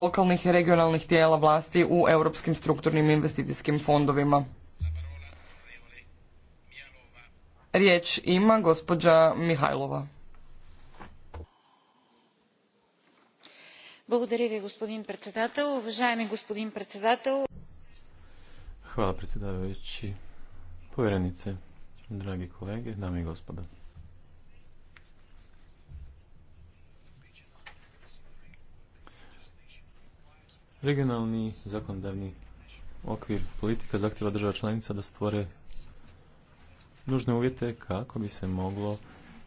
lokalnih i regionalnih tijela vlasti u europskim strukturnim investicijskim fondovima. Riječ ima gospođa Mihajlova. Благодаря ви, господин председател. Уважаеми господин председател. Hvala predsjedavajući, povjerenice, dragi kolege, dame i gospoda. Regionalni zakonodavni okvir politika zahtjeva država članica da stvore nužne uvjete kako bi se moglo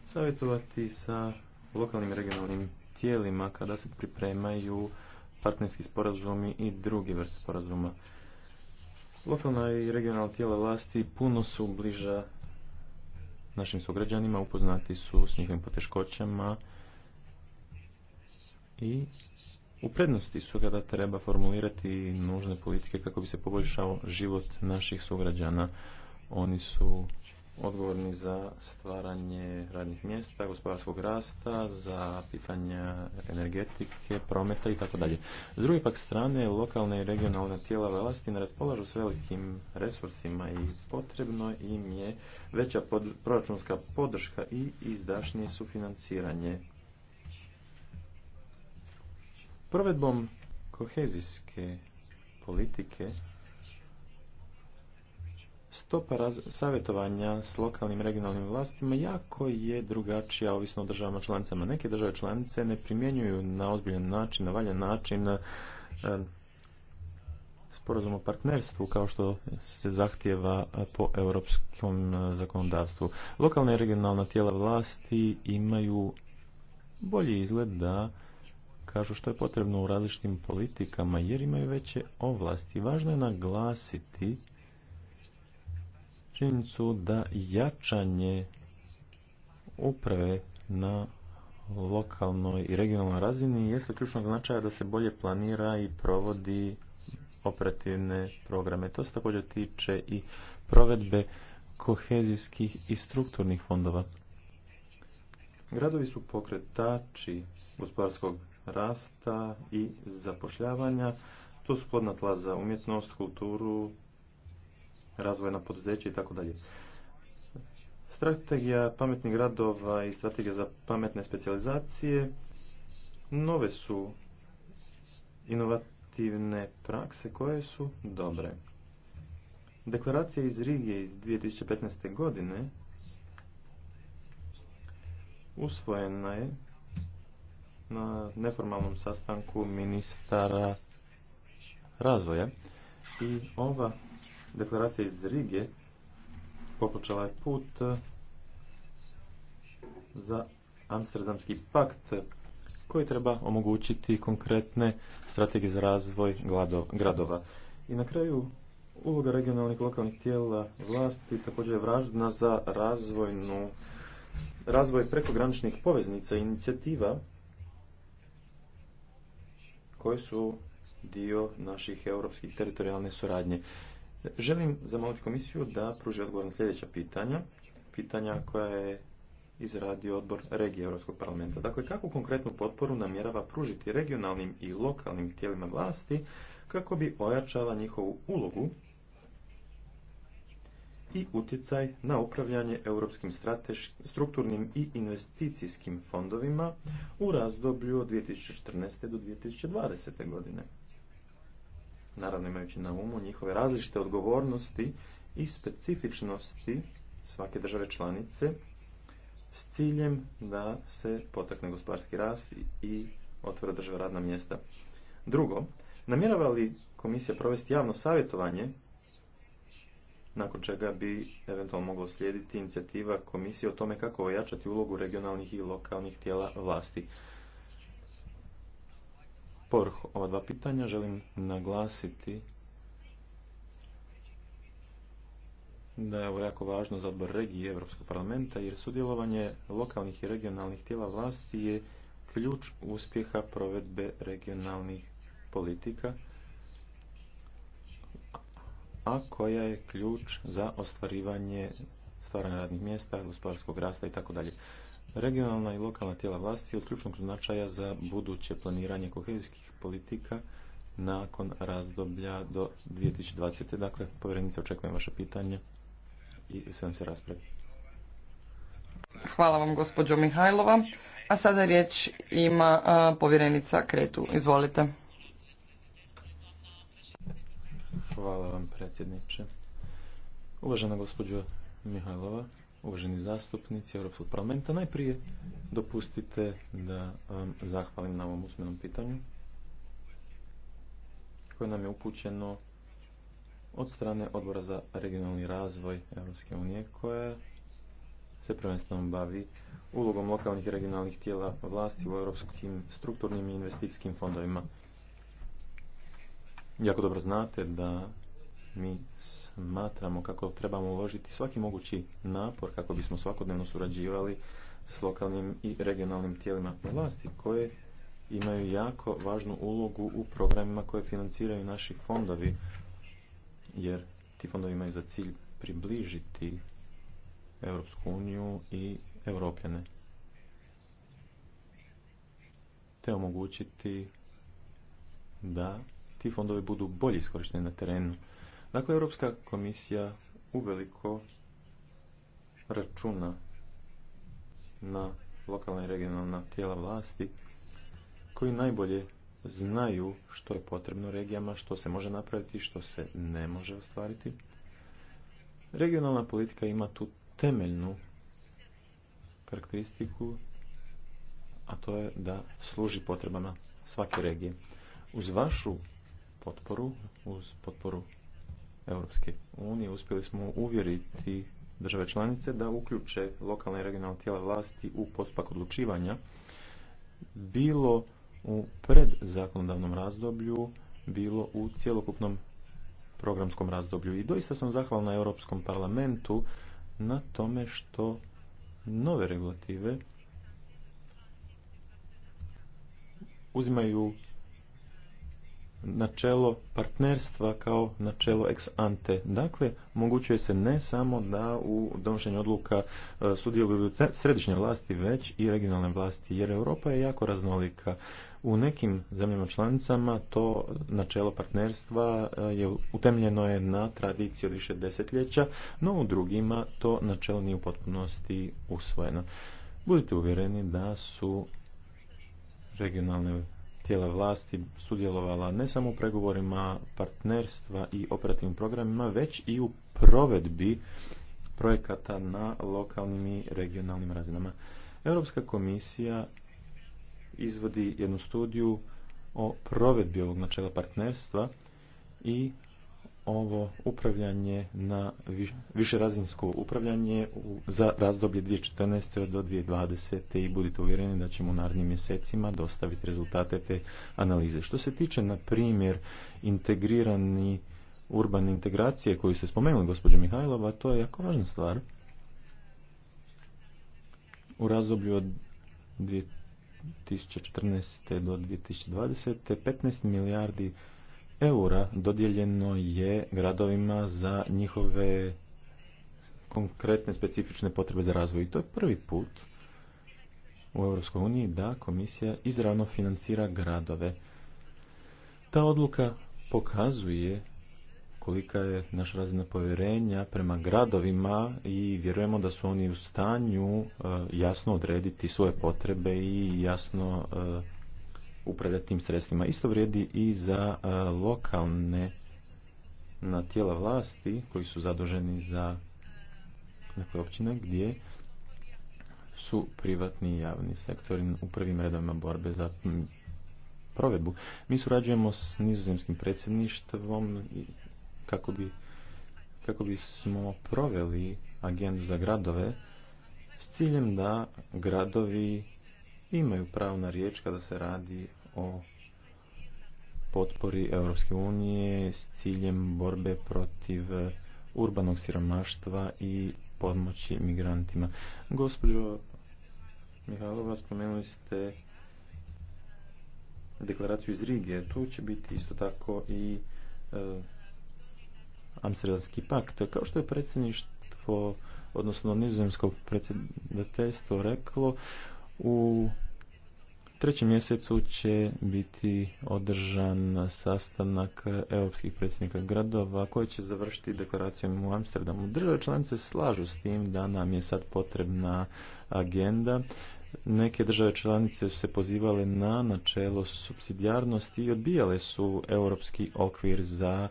savjetovati sa lokalnim regionalnim tijelima kada se pripremaju partnerski sporazumi i drugi vrste sporazuma. Lokalna i regionalna tijela vlasti puno su bliža našim sugrađanima, upoznati su s njihovim poteškoćama i u prednosti su kada treba formulirati nužne politike kako bi se poboljšao život naših sugrađana. Oni su odgovorni za stvaranje radnih mjesta, gospodarskog rasta, za pitanja energetike, prometa i tako dalje. S druge pak strane, lokalne i regionalne tijela vlasti ne raspolažu s velikim resursima i potrebno im je veća proračunska podrška i izdašnije sufinanciranje Provedbom kohezijske politike stopa savjetovanja s lokalnim i regionalnim vlastima jako je drugačija ovisno o državama članicama. Neke države članice ne primjenjuju na ozbiljan način, na valjan način e, sporazum o partnerstvu kao što se zahtjeva po europskom e, zakonodavstvu. Lokalna i regionalna tijela vlasti imaju bolji izgled da kažu što je potrebno u različitim politikama jer imaju veće ovlasti. Važno je naglasiti činjenicu da jačanje uprave na lokalnoj i regionalnoj razini jeste ključnog značaja da se bolje planira i provodi operativne programe. To se također tiče i provedbe kohezijskih i strukturnih fondova. Gradovi su pokretači gospodarskog rasta i zapošljavanja. Tu su plodna tla za umjetnost, kulturu, razvojna poduzeća i tako dalje. Strategija pametnih gradova i strategija za pametne specijalizacije nove su inovativne prakse koje su dobre. Deklaracija iz Rige iz 2015. godine usvojena je na neformalnom sastanku ministara razvoja i ova deklaracija iz Rige popočela je put za Amsterdamski pakt koji treba omogućiti konkretne strategije za razvoj gradova. I na kraju uloga regionalnih lokalnih tijela vlasti također je važna za razvoj prekograničnih poveznica i inicijativa koji su dio naših europskih teritorijalne suradnje. Želim zamoliti komisiju da pruži odgovor na sljedeća pitanja, pitanja koja je izradio odbor regije Europskog parlamenta. Dakle, kako konkretnu potporu namjerava pružiti regionalnim i lokalnim tijelima vlasti kako bi ojačala njihovu ulogu i utjecaj na upravljanje europskim strukturnim i investicijskim fondovima u razdoblju od 2014. do 2020. godine. Naravno imajući na umu njihove različite odgovornosti i specifičnosti svake države članice s ciljem da se potakne gospodarski rast i otvore država radna mjesta. Drugo, namjerava li komisija provesti javno savjetovanje nakon čega bi eventualno moglo slijediti inicijativa komisije o tome kako ojačati ulogu regionalnih i lokalnih tijela vlasti. Povrh ova dva pitanja želim naglasiti da je ovo jako važno za odbor regije Europskog parlamenta jer sudjelovanje lokalnih i regionalnih tijela vlasti je ključ uspjeha provedbe regionalnih politika a koja je ključ za ostvarivanje stvaranja radnih mjesta, gospodarskog rasta itd. Regionalna i lokalna tijela vlasti od ključnog značaja za buduće planiranje kohezijskih politika nakon razdoblja do 2020. Dakle, povjerenica očekujem vaše pitanje i sve vam se raspravi. Hvala vam, gospođo Mihajlova. A sada riječ ima povjerenica Kretu. Izvolite. Hvala vam predsjedniče. Uvažena gospođo Mihajlova, uvaženi zastupnici Europskog parlamenta, najprije dopustite da vam zahvalim na ovom usmenom pitanju koje nam je upućeno od strane Odbora za regionalni razvoj Europske unije koja se prvenstveno bavi ulogom lokalnih i regionalnih tijela vlasti u europskim strukturnim i investicijskim fondovima jako dobro znate da mi smatramo kako trebamo uložiti svaki mogući napor kako bismo svakodnevno surađivali s lokalnim i regionalnim tijelima vlasti koje imaju jako važnu ulogu u programima koje financiraju naši fondovi jer ti fondovi imaju za cilj približiti Europsku uniju i Europljane te omogućiti da ti fondovi budu bolje iskorišteni na terenu. Dakle, Europska komisija uveliko računa na lokalna i regionalna tijela vlasti koji najbolje znaju što je potrebno regijama, što se može napraviti, što se ne može ostvariti. Regionalna politika ima tu temeljnu karakteristiku, a to je da služi potrebama svake regije. Uz vašu potporu, uz potporu Europske unije, uspjeli smo uvjeriti države članice da uključe lokalne i regionalne tijela vlasti u postupak odlučivanja, bilo u predzakonodavnom razdoblju, bilo u cjelokupnom programskom razdoblju. I doista sam zahvalna Europskom parlamentu na tome što nove regulative uzimaju načelo partnerstva kao načelo ex ante. Dakle, mogućuje se ne samo da u donošenju odluka e, sudjeluju središnje vlasti, već i regionalne vlasti, jer Europa je jako raznolika. U nekim zemljama članicama to načelo partnerstva e, je utemljeno je na tradiciji od više desetljeća, no u drugima to načelo nije u potpunosti usvojeno. Budite uvjereni da su regionalne tijela vlasti sudjelovala ne samo u pregovorima partnerstva i operativnim programima, već i u provedbi projekata na lokalnim i regionalnim razinama. Europska komisija izvodi jednu studiju o provedbi ovog načela partnerstva i ovo upravljanje na višerazinsko upravljanje za razdoblje 2014. do 2020. i budite uvjereni da ćemo u narednim mjesecima dostaviti rezultate te analize. Što se tiče, na primjer, integrirani urbane integracije koju ste spomenuli, gospođo Mihajlova, to je jako važna stvar. U razdoblju od 2014. do 2020. 15 milijardi eura dodijeljeno je gradovima za njihove konkretne specifične potrebe za razvoj. I to je prvi put u EU da komisija izravno financira gradove. Ta odluka pokazuje kolika je naša razina povjerenja prema gradovima i vjerujemo da su oni u stanju e, jasno odrediti svoje potrebe i jasno e, upravljati tim sredstvima. Isto vrijedi i za e, lokalne na tijela vlasti koji su zaduženi za neke dakle, općine gdje su privatni i javni sektori u prvim redovima borbe za provedbu. Mi surađujemo s nizozemskim predsjedništvom kako bi kako bismo proveli agendu za gradove s ciljem da gradovi imaju pravo na riječ kada se radi o potpori Europske unije s ciljem borbe protiv urbanog siromaštva i podmoći migrantima. Gospođo Mihalova, spomenuli ste deklaraciju iz Rige. Tu će biti isto tako i e, Amsterdamski pakt. Kao što je predsjedništvo, odnosno nizozemskog predsjedateljstvo reklo, u trećem mjesecu će biti održan sastanak europskih predsjednika gradova koji će završiti deklaracijom u Amsterdamu. Države članice slažu s tim da nam je sad potrebna agenda. Neke države članice su se pozivale na načelo subsidijarnosti i odbijale su europski okvir za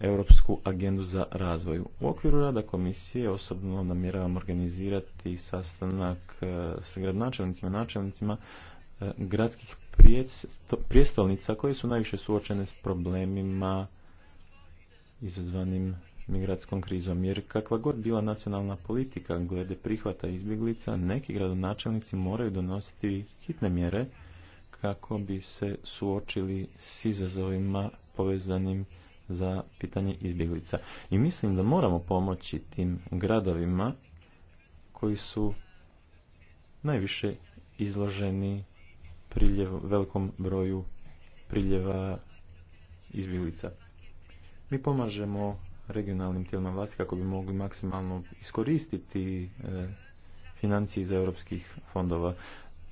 europsku agendu za razvoj. U okviru rada komisije osobno namjeravam organizirati sastanak e, s gradonačelnicima, načelnicima e, gradskih prijestolnica koje su najviše suočene s problemima izazvanim migratskom krizom. Jer kakva god bila nacionalna politika glede prihvata izbjeglica, neki gradonačelnici moraju donositi hitne mjere kako bi se suočili s izazovima povezanim za pitanje izbjeglica. I mislim da moramo pomoći tim gradovima koji su najviše izloženi priljev, velikom broju priljeva izbjeglica. Mi pomažemo regionalnim tijelima vlasti kako bi mogli maksimalno iskoristiti e, financije iz europskih fondova.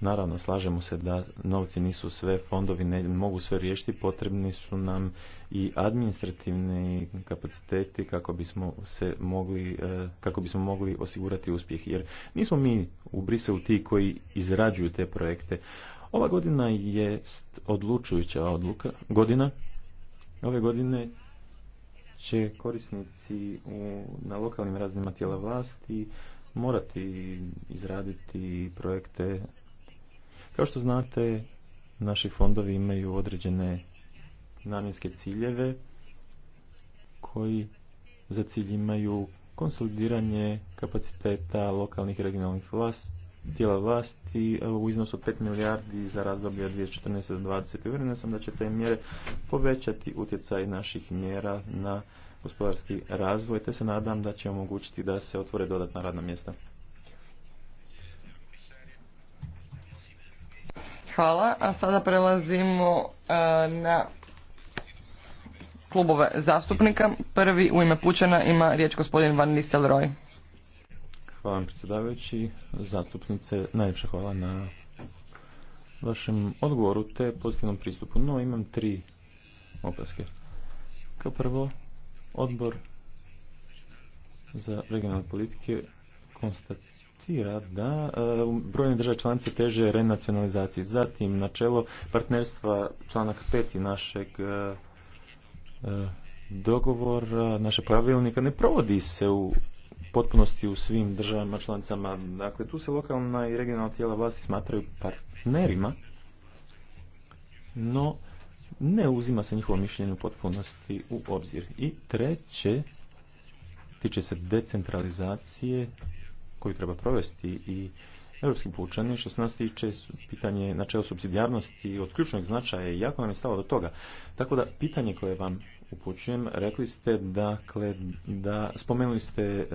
Naravno, slažemo se da novci nisu sve, fondovi ne mogu sve riješiti, potrebni su nam i administrativni kapaciteti kako bismo se mogli, e, kako bismo mogli osigurati uspjeh. Jer nismo mi u Briselu ti koji izrađuju te projekte. Ova godina je odlučujuća odluka, godina. Ove godine će korisnici na lokalnim razinama tijela vlasti morati izraditi projekte kao što znate, naši fondovi imaju određene namjenske ciljeve koji za cilj imaju konsolidiranje kapaciteta lokalnih i regionalnih vlast, tijela vlasti u iznosu 5 milijardi za razdoblje od 2014. do 2020. uvjerena sam da će te mjere povećati utjecaj naših mjera na gospodarski razvoj, te se nadam da će omogućiti da se otvore dodatna radna mjesta. Hvala. A sada prelazimo e, na klubove zastupnika. Prvi u ime Pučana ima riječ gospodin Van Nistelrooy. Hvala vam predsjedavajući. Zastupnice, najljepša hvala na vašem odgovoru te pozitivnom pristupu. No, imam tri opaske. Kao prvo, odbor za regionalne politike konstatira i da e, brojne države članice teže renacionalizaciji. Zatim, načelo partnerstva članak 5. našeg e, e, dogovora, naše pravilnika ne provodi se u potpunosti u svim državama članicama. Dakle, tu se lokalna i regionalna tijela vlasti smatraju partnerima, no ne uzima se njihovo mišljenje u potpunosti u obzir. I treće, tiče se decentralizacije koju treba provesti i europski pučani, što se nas tiče pitanje načela subsidijarnosti od ključnog značaja i jako nam je stalo do toga. Tako da pitanje koje vam upućujem, rekli ste dakle, da spomenuli ste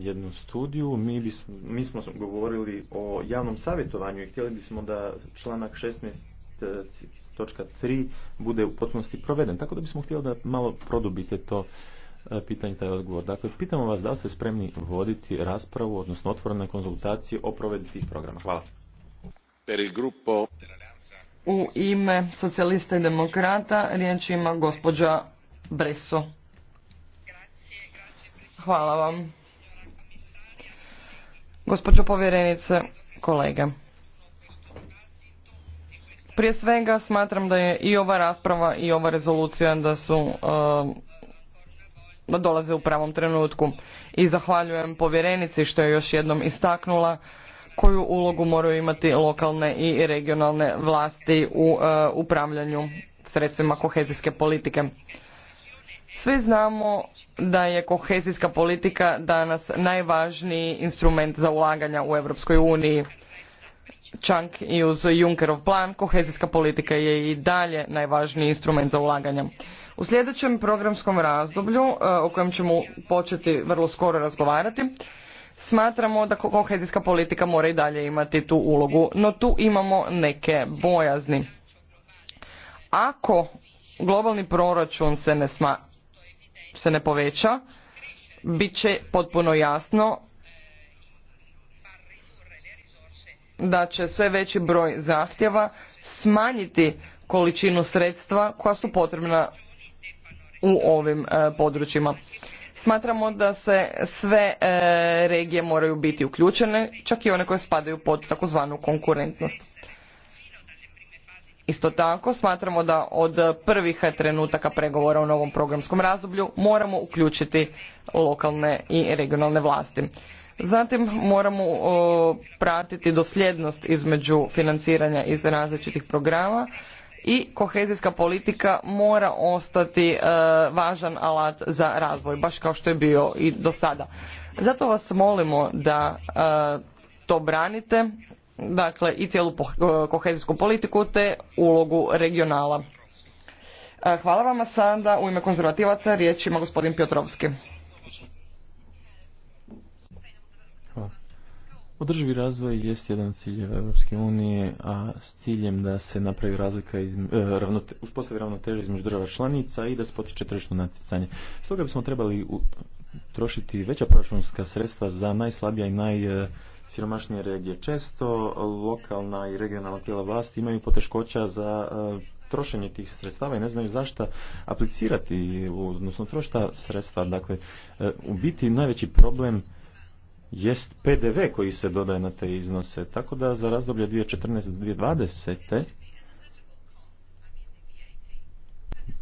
jednu studiju, mi, bis, mi smo govorili o javnom savjetovanju i htjeli bismo da članak 16 e, točka 3 bude u potpunosti proveden. Tako da bismo htjeli da malo produbite to E, pitanje taj odgovor. Dakle, pitamo vas da li ste spremni voditi raspravu, odnosno otvorene konzultacije o provedbi tih programa. Hvala. U ime socijalista i demokrata riječ ima gospođa Breso. Hvala vam. Gospođo povjerenice, kolege. Prije svega smatram da je i ova rasprava i ova rezolucija da su e, dolaze u pravom trenutku. I zahvaljujem povjerenici što je još jednom istaknula koju ulogu moraju imati lokalne i regionalne vlasti u e, upravljanju sredstvima kohezijske politike. Svi znamo da je kohezijska politika danas najvažniji instrument za ulaganja u Europskoj uniji. Čak i uz Junckerov plan kohezijska politika je i dalje najvažniji instrument za ulaganja. U sljedećem programskom razdoblju, e, o kojem ćemo početi vrlo skoro razgovarati, smatramo da kohezijska politika mora i dalje imati tu ulogu, no tu imamo neke bojazni. Ako globalni proračun se ne, sma, se ne poveća, bit će potpuno jasno da će sve veći broj zahtjeva smanjiti količinu sredstva koja su potrebna u ovim e, područjima. Smatramo da se sve e, regije moraju biti uključene, čak i one koje spadaju pod takozvanu konkurentnost. Isto tako smatramo da od prvih trenutaka pregovora o novom programskom razdoblju moramo uključiti lokalne i regionalne vlasti. Zatim moramo pratiti dosljednost između financiranja iz različitih programa i kohezijska politika mora ostati e, važan alat za razvoj baš kao što je bio i do sada zato vas molimo da e, to branite dakle i cijelu e, kohezijsku politiku te ulogu regionala hvala vam sada u ime konzervativaca riječ ima gospodin Piotrovski Održivi razvoj je jedan cilj Europske unije, a s ciljem da se napravi razlika, iz e, ravnote, uspostavi ravnoteža između država članica i da se potiče tržišno natjecanje. Stoga bismo trebali trošiti veća proračunska sredstva za najslabija i naj siromašnije regije. Često lokalna i regionalna tijela vlasti imaju poteškoća za e, trošenje tih sredstava i ne znaju zašto aplicirati, odnosno trošta sredstva. Dakle, e, u biti najveći problem jest PDV koji se dodaje na te iznose. Tako da za razdoblje 2014-2020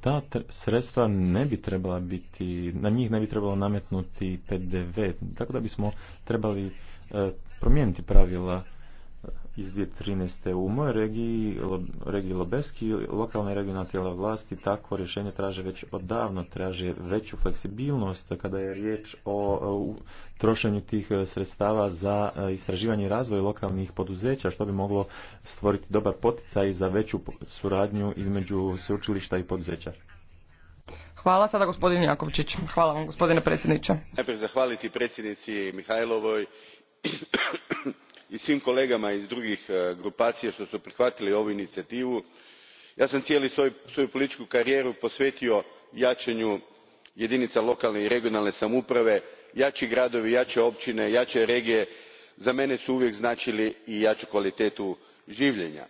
ta sredstva ne bi trebala biti, na njih ne bi trebalo nametnuti PDV. Tako da bismo trebali e, promijeniti pravila iz 2013. U mojoj regiji, regiji Lobeski, lokalne i regionalne tijela vlasti takvo rješenje traže već odavno, traže veću fleksibilnost kada je riječ o trošenju tih e, sredstava za e, istraživanje i razvoj lokalnih poduzeća, što bi moglo stvoriti dobar poticaj za veću suradnju između sveučilišta i poduzeća. Hvala sada gospodin Jakovčić. Hvala vam gospodine predsjedniče. Najprije zahvaliti predsjednici Mihajlovoj i svim kolegama iz drugih e, grupacija što su prihvatili ovu inicijativu. ja sam cijelu svoju političku karijeru posvetio jačanju jedinica lokalne i regionalne samouprave. jači gradovi jače općine jače regije za mene su uvijek značili i jaču kvalitetu življenja.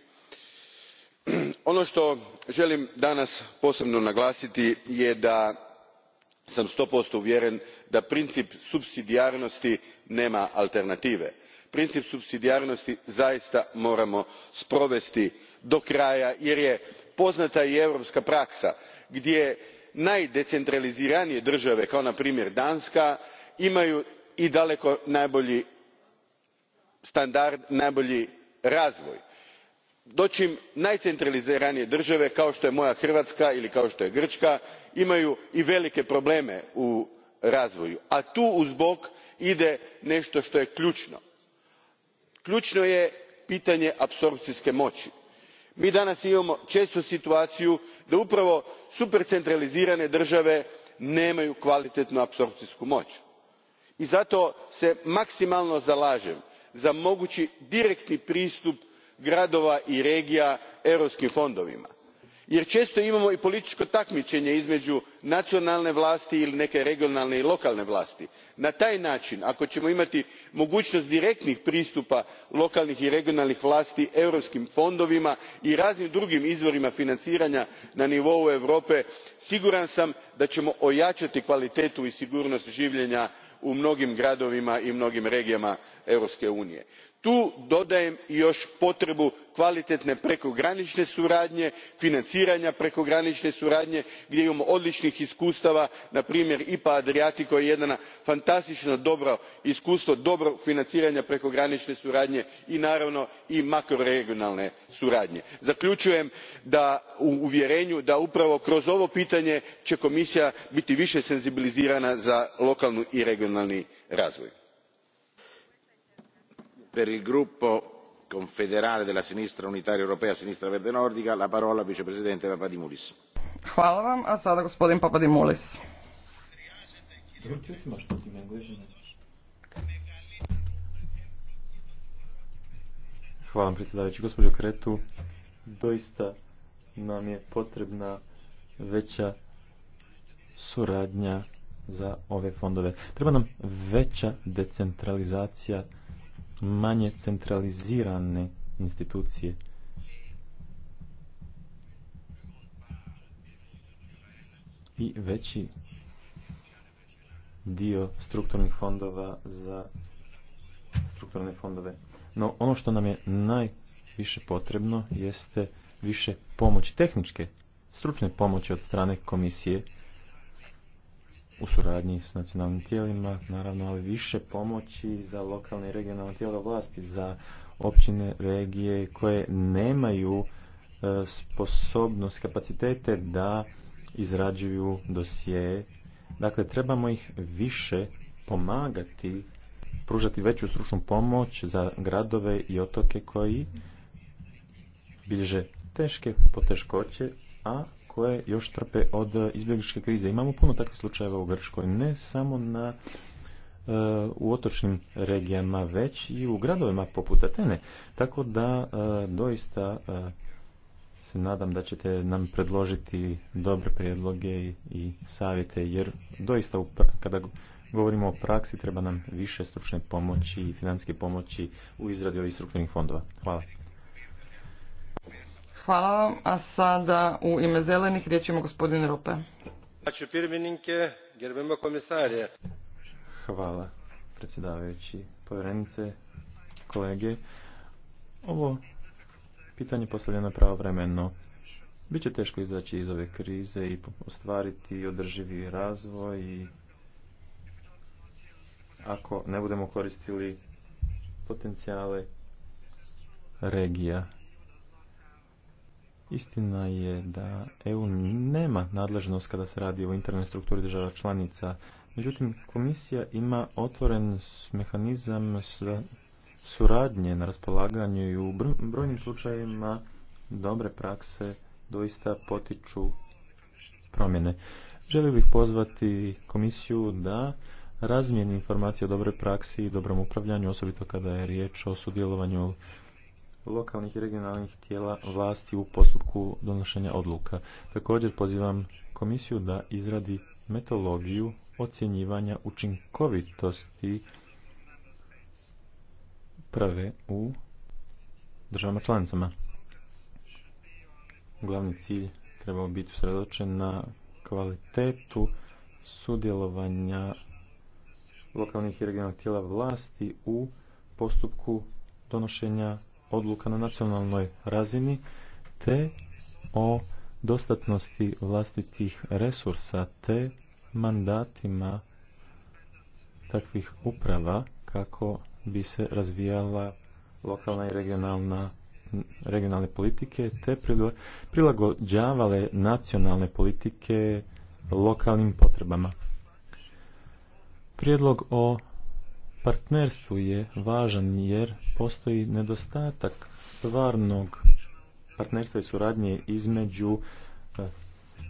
ono što želim danas posebno naglasiti je da sam sto posto uvjeren da princip supsidijarnosti nema alternative princip supsidijarnosti zaista moramo sprovesti do kraja jer je poznata i europska praksa gdje najdecentraliziranije države kao na primjer danska imaju i daleko najbolji standard najbolji razvoj dočim najcentraliziranije države kao što je moja hrvatska ili kao što je grčka imaju i velike probleme u razvoju a tu uz bok ide nešto što je ključno ključno je pitanje apsorpcijske moći. mi danas imamo često situaciju da upravo supercentralizirane države nemaju kvalitetnu apsorpcijsku moć i zato se maksimalno zalažem za mogući direktni pristup gradova i regija europskim fondovima jer često imamo i političko takmičenje između nacionalne vlasti ili neke regionalne i lokalne vlasti. na taj način ako ćemo imati mogućnost direktnih pristupa lokalnih i regionalnih vlasti europskim fondovima i raznim drugim izvorima financiranja na nivou europe siguran sam da ćemo ojačati kvalitetu i sigurnost življenja u mnogim gradovima i mnogim regijama europske unije tu dodajem još potrebu kvalitetne prekogranične suradnje financiranja prekogranične suradnje gdje imamo odličnih iskustava na primjer ipa adriatico je jedno fantastično dobro iskustvo dobrog financiranja prekogranične suradnje i naravno i makroregionalne suradnje. zaključujem u uvjerenju da upravo kroz ovo pitanje komisija biti više senzibilizirana za lokalni i regionalni razvoj per il gruppo confederale della sinistra unitaria europea sinistra verde nordica la parola al vicepresidente papadimoulis. vam, a sada Hvala vam predsjedavajući. Gospođo Kretu, doista nam je potrebna veća suradnja za ove fondove. Treba nam veća decentralizacija manje centralizirane institucije. I veći dio strukturnih fondova za strukturne fondove. No ono što nam je najviše potrebno jeste više pomoći tehničke, stručne pomoći od strane komisije u suradnji s nacionalnim tijelima, naravno, ali više pomoći za lokalne i regionalne tijela vlasti, za općine, regije koje nemaju e, sposobnost, kapacitete da izrađuju dosije. Dakle, trebamo ih više pomagati, pružati veću stručnu pomoć za gradove i otoke koji bilježe teške poteškoće, a koje još trpe od e, izbjegličke krize. Imamo puno takvih slučajeva u Grčkoj, ne samo na e, u otočnim regijama već i u gradovima poput Atene. Tako da e, doista se nadam da ćete nam predložiti dobre prijedloge i savjete jer doista kada govorimo o praksi treba nam više stručne pomoći i financijske pomoći u izradi ovih strukturnih fondova. Hvala. Hvala vam, a sada u ime zelenih ima gospodin Rope. Hvala, predsjedavajući povjerenice, kolege. Ovo pitanje postavljeno pravovremeno. Biće teško izaći iz ove krize i ostvariti održivi razvoj i ako ne budemo koristili potencijale regija Istina je da EU nema nadležnost kada se radi o internoj strukturi država članica. Međutim, komisija ima otvoren mehanizam suradnje na raspolaganju i u brojnim slučajevima dobre prakse doista potiču promjene. Želio bih pozvati komisiju da razmijeni informacije o dobroj praksi i dobrom upravljanju, osobito kada je riječ o sudjelovanju lokalnih i regionalnih tijela vlasti u postupku donošenja odluka. Također pozivam komisiju da izradi metodologiju ocjenjivanja učinkovitosti prave u državama članicama. Glavni cilj trebao biti usredočen na kvalitetu sudjelovanja lokalnih i regionalnih tijela vlasti u postupku donošenja odluka na nacionalnoj razini te o dostatnosti vlastitih resursa te mandatima takvih uprava kako bi se razvijala lokalna i regionalna regionalne politike te prilagođavale nacionalne politike lokalnim potrebama. Prijedlog o partnerstvu je važan jer postoji nedostatak stvarnog partnerstva i suradnje između eh,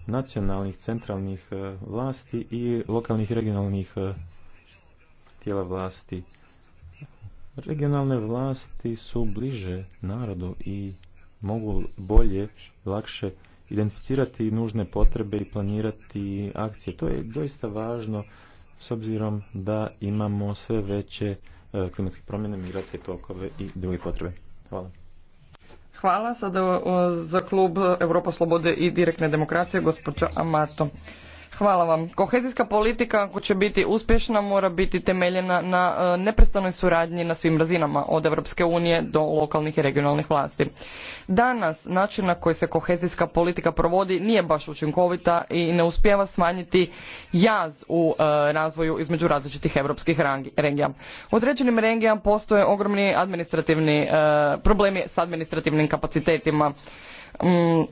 nacionalnih centralnih eh, vlasti i lokalnih i regionalnih eh, tijela vlasti. Regionalne vlasti su bliže narodu i mogu bolje, lakše identificirati nužne potrebe i planirati akcije. To je doista važno s obzirom da imamo sve veće e, klimatske promjene, migracije tokove i druge potrebe. Hvala. Hvala. Sada za klub Europa Slobode i direktne demokracije, gospođa Amato. Hvala vam. Kohezijska politika ako će biti uspješna mora biti temeljena na e, neprestanoj suradnji na svim razinama od Europske unije do lokalnih i regionalnih vlasti. Danas način na koji se kohezijska politika provodi nije baš učinkovita i ne uspijeva smanjiti jaz u e, razvoju između različitih europskih regija. U određenim regijama postoje ogromni administrativni e, problemi s administrativnim kapacitetima mm,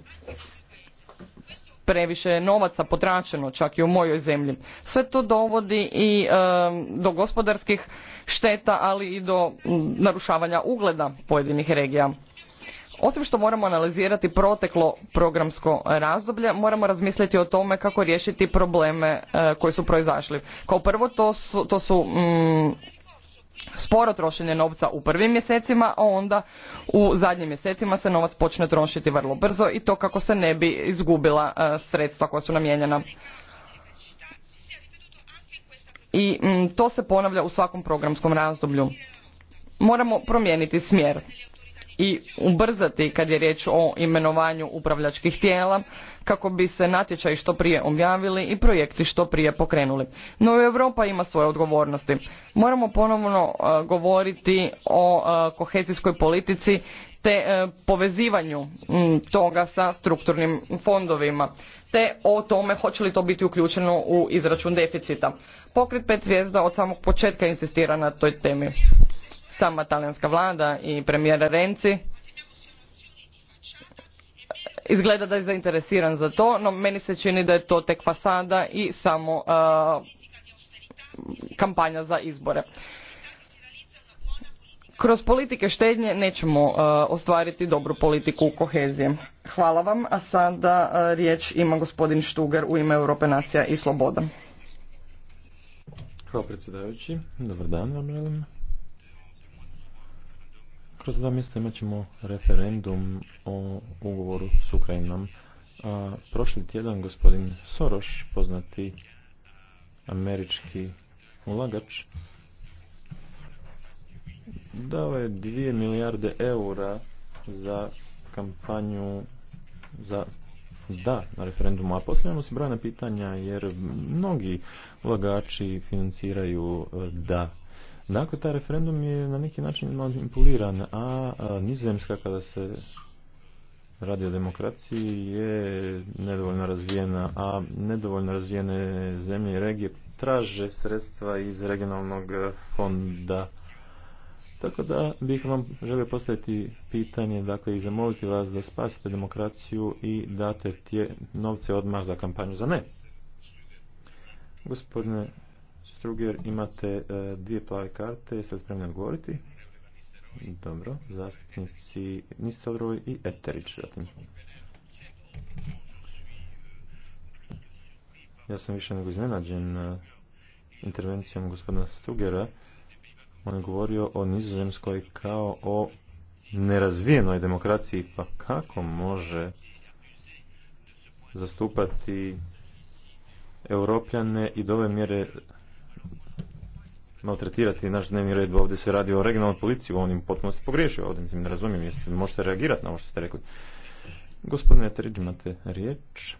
previše novaca potračeno čak i u mojoj zemlji sve to dovodi i do gospodarskih šteta ali i do narušavanja ugleda pojedinih regija osim što moramo analizirati proteklo programsko razdoblje moramo razmisliti o tome kako riješiti probleme e, koji su proizašli kao prvo to su, to su sporo trošenje novca u prvim mjesecima, a onda u zadnjim mjesecima se novac počne trošiti vrlo brzo i to kako se ne bi izgubila e, sredstva koja su namijenjena. I mm, to se ponavlja u svakom programskom razdoblju. Moramo promijeniti smjer i ubrzati kad je riječ o imenovanju upravljačkih tijela kako bi se natječaji što prije objavili i projekti što prije pokrenuli. No Europa ima svoje odgovornosti. Moramo ponovno e, govoriti o e, kohezijskoj politici te e, povezivanju toga sa strukturnim fondovima te o tome hoće li to biti uključeno u izračun deficita. Pokret pet zvijezda od samog početka insistira na toj temi sama talijanska vlada i premijer Renci izgleda da je zainteresiran za to, no meni se čini da je to tek fasada i samo kampanja za izbore. Kroz politike štednje nećemo ostvariti dobru politiku kohezije. Hvala vam, a sada riječ ima gospodin Štuger u ime Europe nacija i sloboda. Hvala predsjedavajući, dobar dan vam kroz dva mjesta imat ćemo referendum o ugovoru s Ukrajinom. A, prošli tjedan gospodin Soroš, poznati američki ulagač, dao je 2 milijarde eura za kampanju za da na referendumu, a postavljamo se brojna pitanja jer mnogi ulagači financiraju e, da Dakle, ta referendum je na neki način manipuliran, a nizemska kada se radi o demokraciji je nedovoljno razvijena, a nedovoljno razvijene zemlje i regije traže sredstva iz regionalnog fonda. Tako da bih vam želio postaviti pitanje, dakle, i zamoliti vas da spasite demokraciju i date tje novce odmah za kampanju za ne. Gospodine Struger, imate e, dvije plave karte, jeste li spremni odgovoriti? Dobro, zastupnici Nistelroj i Eterić. Ja sam više nego iznenađen e, intervencijom gospodina Stugera. On je govorio o nizozemskoj kao o nerazvijenoj demokraciji. Pa kako može zastupati europljane i do ove mjere maltretirati naš dnevni red, ovdje se radi o regionalnoj policiji, on im potpuno se pogriješio, ovdje mislim ne razumijem, jeste možete reagirati na ovo što ste rekli. Gospodine Eterić, imate riječ.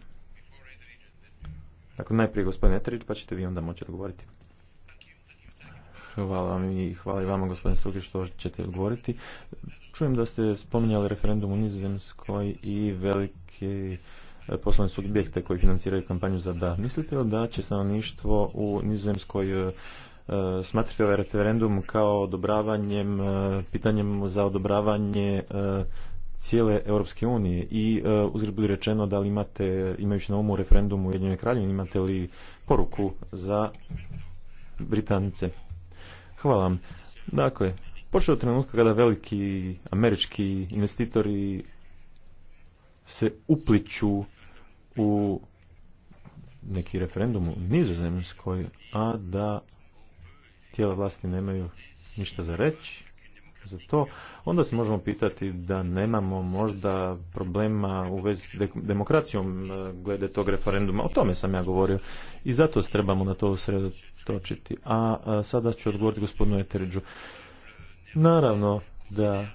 Dakle, najprije gospodine Eterić, pa ćete vi onda moći odgovoriti. Hvala vam i hvala i vama gospodine Sluki, što ćete odgovoriti. Čujem da ste spominjali referendum u Nizozemskoj i velike e, poslovne subjekte koji financiraju kampanju za da. Mislite li da će stanovništvo u Nizozemskoj e, E, smatrate ovaj referendum kao odobravanjem, e, pitanjem za odobravanje e, cijele Europske unije i uzgled budi rečeno da li imate, imajući na umu referendum u Ujedinjenoj kralju, imate li poruku za Britanice? Hvala vam. Dakle, počeo trenutka kada veliki američki investitori se upliću u neki referendum u Nizozemskoj, a da tijela vlasti nemaju ništa za reći za to, onda se možemo pitati da nemamo možda problema u vezi s demokracijom e, glede tog referenduma. O tome sam ja govorio i zato se trebamo na to usredotočiti. A, a sada ću odgovoriti gospodinu Eteriđu. Naravno da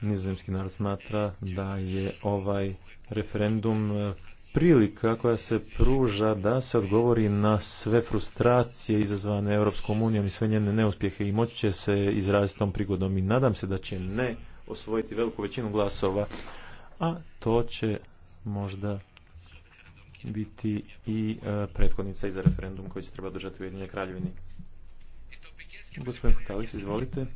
nizozemski narod smatra da je ovaj referendum e, prilika koja se pruža da se odgovori na sve frustracije izazvane Europskom unijom i sve njene neuspjehe i moći će se izraziti tom prigodom i nadam se da će ne osvojiti veliku većinu glasova, a to će možda biti i e, prethodnica i za referendum koji će treba držati u Ujedinjenoj Kraljevini. Gospodin izvolite.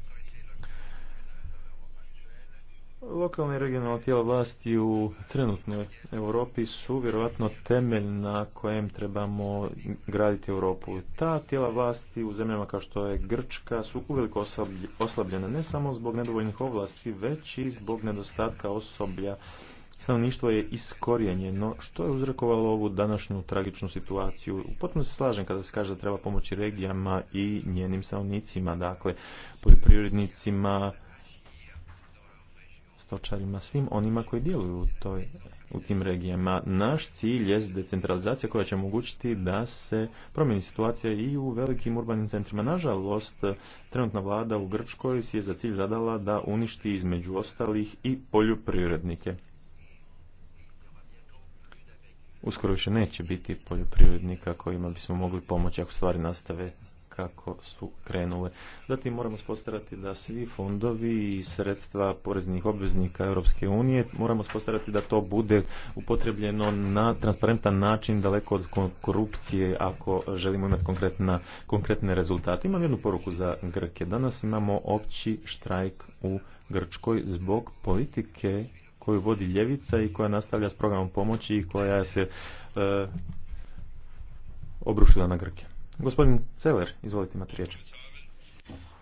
Lokalne i regionalne tijela vlasti u trenutnoj Europi su vjerojatno temelj na kojem trebamo graditi Europu. Ta tijela vlasti u zemljama kao što je Grčka su uveliko oslabljena ne samo zbog nedovoljnih ovlasti, već i zbog nedostatka osoblja. Stanovništvo je iskorijenjeno, što je uzrokovalo ovu današnju tragičnu situaciju. Potpuno se slažem kada se kaže da treba pomoći regijama i njenim stanovnicima, dakle poljoprivrednicima, stočarima, svim onima koji djeluju u, toj, u tim regijama. Naš cilj je decentralizacija koja će omogućiti da se promijeni situacija i u velikim urbanim centrima. Nažalost, trenutna vlada u Grčkoj si je za cilj zadala da uništi između ostalih i poljoprivrednike. Uskoro više neće biti poljoprivrednika kojima bismo mogli pomoći ako stvari nastave kako su krenule. Zatim moramo spostarati da svi fondovi i sredstva poreznih obveznika Europske unije moramo spostarati da to bude upotrebljeno na transparentan način daleko od korupcije ako želimo imati konkretna, konkretne rezultate. Imam jednu poruku za Grke. Danas imamo opći štrajk u Grčkoj zbog politike koju vodi ljevica i koja nastavlja s programom pomoći i koja se e, obrušila na Grke. Gospodin Celer, izvolite riječ.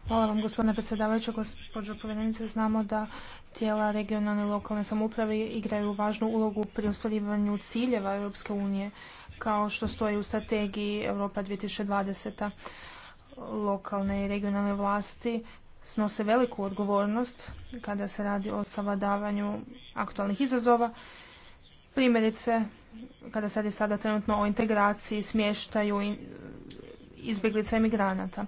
Hvala vam gospodine predsjedavajući, gospođo povjerenice. Znamo da tijela regionalne i lokalne samouprave igraju važnu ulogu pri ostvarivanju ciljeva Europske unije kao što stoji u strategiji Europa 2020. Lokalne i regionalne vlasti snose veliku odgovornost kada se radi o savladavanju aktualnih izazova. Primjerice, kada sad je sada trenutno o integraciji, smještaju izbjeglica imigranata.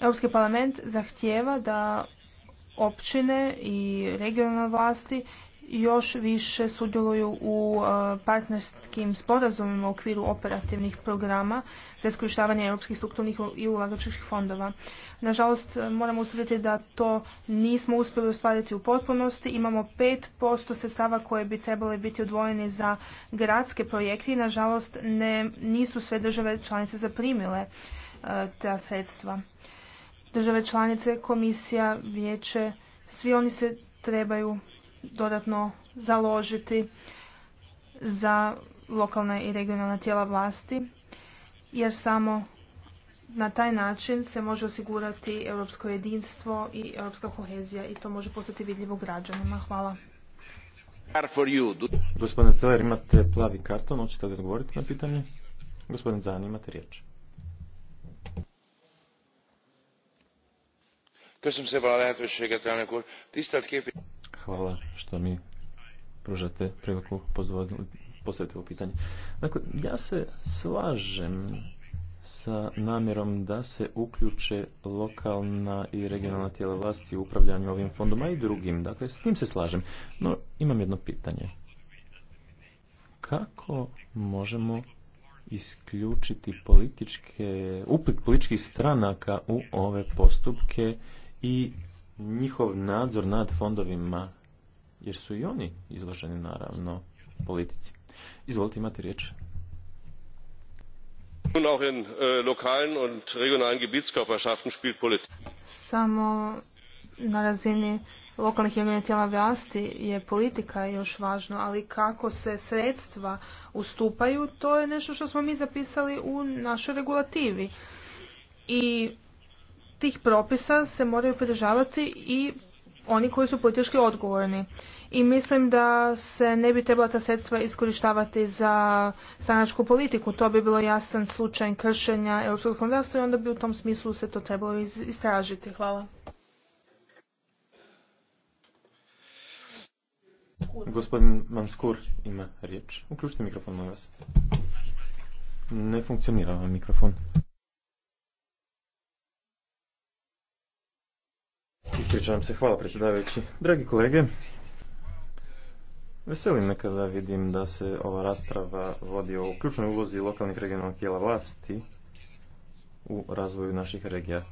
Europski parlament zahtjeva da općine i regionalne vlasti još više sudjeluju u partnerskim sporazumima u okviru operativnih programa za iskorištavanje europskih strukturnih i ulagačkih fondova. Nažalost, moramo ustvrditi da to nismo uspjeli ostvariti u potpunosti. Imamo 5% sredstava koje bi trebale biti odvojeni za gradske projekte i nažalost ne, nisu sve države članice zaprimile ta sredstva. Države članice, komisija, vijeće, svi oni se trebaju dodatno založiti za lokalna i regionalna tijela vlasti, jer samo na taj način se može osigurati europsko jedinstvo i europska kohezija i to može postati vidljivo građanima. Hvala. Gospodine Celer, imate plavi karton, hoćete li odgovoriti na pitanje? Gospodin Zan, imate riječ. Hvala hvala što mi pružate priliku postaviti ovo pitanje. Dakle, ja se slažem sa namjerom da se uključe lokalna i regionalna tijela vlasti u upravljanju ovim fondom, a i drugim. Dakle, s tim se slažem. No, imam jedno pitanje. Kako možemo isključiti političke, uplik političkih stranaka u ove postupke i njihov nadzor nad fondovima, jer su i oni izloženi naravno politici. Izvolite, imati riječ. Äh, Samo na razini lokalnih i tijela vlasti je politika još važno, ali kako se sredstva ustupaju, to je nešto što smo mi zapisali u našoj regulativi. I tih propisa se moraju pridržavati i oni koji su politički odgovorni. I mislim da se ne bi trebala ta sredstva iskorištavati za stranačku politiku. To bi bilo jasan slučaj kršenja europskog zakonodavstva i onda bi u tom smislu se to trebalo istražiti. Hvala. Gospodin Mamskur ima riječ. Uključite mikrofon, vas. Ne funkcionira mikrofon. Ispričavam se, hvala predsjedavajući. Dragi kolege, veselim me kada vidim da se ova rasprava vodi o ključnoj ulozi lokalnih regionalnih tijela vlasti u razvoju naših regija.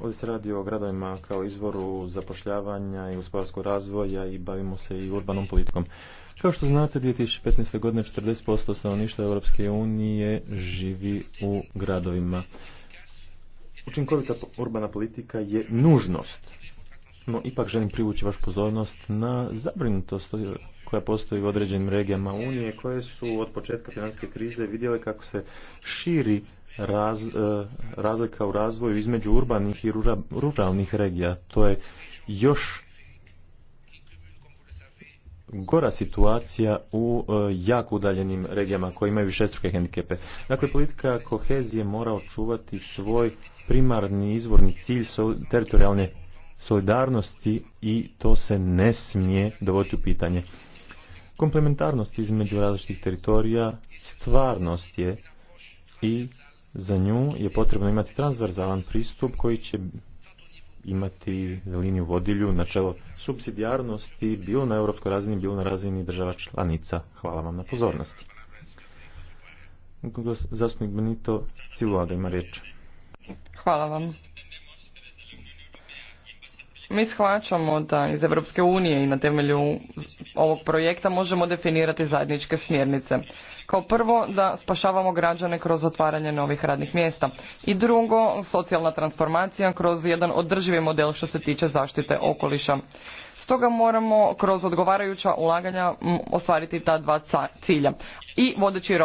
Ovdje se radi o gradovima kao izvoru zapošljavanja i gospodarskog razvoja i bavimo se i urbanom politikom. Kao što znate, 2015. godine 40% stanovništva Europske unije živi u gradovima. Učinkovita urbana politika je nužnost, no ipak želim privući vaš pozornost na zabrinutost koja postoji u određenim regijama Unije koje su od početka financijske krize vidjele kako se širi raz, e, razlika u razvoju između urbanih i ruralnih regija. To je još gora situacija u e, jako udaljenim regijama koje imaju višestruke hendikepe. Dakle, politika kohezije mora očuvati svoj primarni izvorni cilj teritorijalne solidarnosti i to se ne smije dovoditi u pitanje. Komplementarnost između različitih teritorija stvarnost je i za nju je potrebno imati transverzalan pristup koji će imati liniju vodilju, načelo subsidijarnosti, bilo na europskoj razini, bilo na razini država članica. Hvala vam na pozornosti. Zastupnik Benito Silvada ima riječ. Hvala vam. Mi shvaćamo da iz Europske unije i na temelju ovog projekta možemo definirati zajedničke smjernice. Kao prvo da spašavamo građane kroz otvaranje novih radnih mjesta i drugo socijalna transformacija kroz jedan održivi model što se tiče zaštite okoliša. Stoga moramo kroz odgovarajuća ulaganja ostvariti ta dva cilja, i vodeći